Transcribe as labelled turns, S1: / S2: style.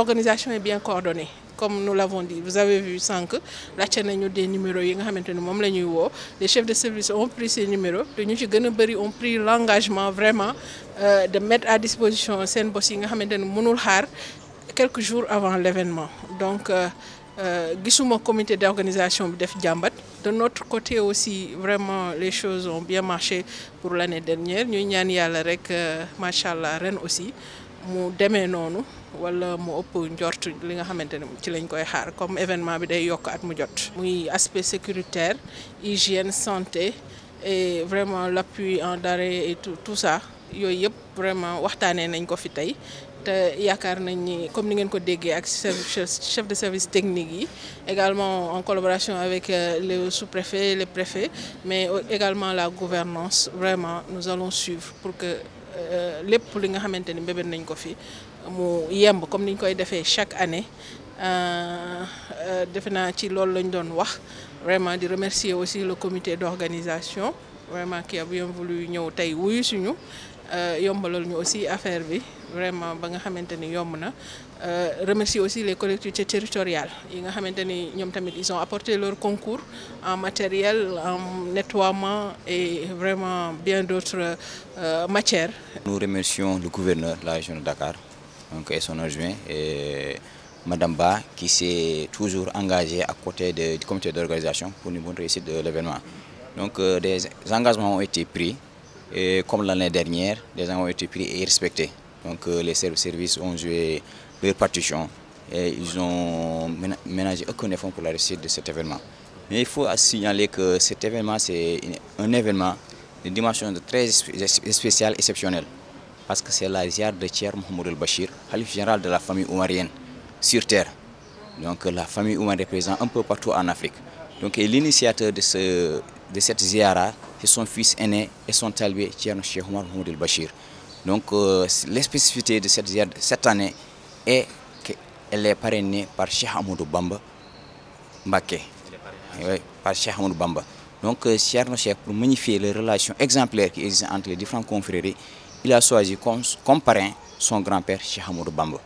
S1: l'organisation est bien coordonnée. Comme nous l'avons dit, vous avez vu sans que la chaîne des numéros, les chefs de service ont pris ces numéros. Les ont pris l'engagement vraiment euh, de mettre à disposition Mounulhar quelques jours avant l'événement. Donc, le euh, euh, comité d'organisation de de notre côté aussi vraiment les choses ont bien marché pour l'année dernière Nous avons eu rek avec aussi nous sommes noonu wala mu ëpp ndort li nga xamante ci lañ koy xaar comme événement bi day yok at mu jot. aspect sécuritaire hygiène santé et vraiment l'appui en d'arrêt et tout tout ça yooyu vraiment waxtané nañ ko fi tay te yaakaar nañ ni comme ni ngeen ko chef de service technique également en collaboration avec euh, les sous-préfets les préfets mais également la gouvernance vraiment nous allons suivre pour que. Euh, lépp li nga xamante ni mbébét nañ ko fi mu yemb comme niñ koy defee chaque année euh, euh, defe naa ci loolu lañ doon wax vraiment di remercier aussi le comité d'organisation vraiment qui a bien voulu ñëw tey wuyu suñu nous euh, ñu aussi affaire bi vraiment ba nga euh, aussi les collectivités territoriales yi ils ont apporté leur concours en matériel en nettoiement et vraiment bien d'autres euh, matières.
S2: Nous remercions le gouverneur de la région de Dakar donc, et son adjoint et Madame Ba qui s'est toujours engagée à côté de, du comité d'organisation pour une bonne réussite de l'événement. Donc des engagements ont été pris. Et comme l'année dernière, les gens ont été pris et respectés. Donc euh, les services ont joué leur partition et ils ont ménagé aucun effort pour la réussite de cet événement. Mais il faut signaler que cet événement, c'est un événement de dimension très spéciale, exceptionnelle. Parce que c'est la ziar de Thier Mohamed El bashir calife général de la famille oumarienne sur terre. Donc la famille oumarienne est présente un peu partout en Afrique donc, l'initiateur de, cette ziara, c'est son fils aîné et son talibé, Cheikh Omar Mahmoud El Bachir. Donc, euh, de cette ziara cette année est qu'elle est parrainée par Cheikh Amadou Bamba Mbaké. Eh oui, par Cheikh Amadou Bamba. Donc, euh, Cheikh, pour magnifier les relations exemplaires qui existent entre les différentes confréries, il a choisi comme, parrain son grand-père, Cheikh Amadou Bamba.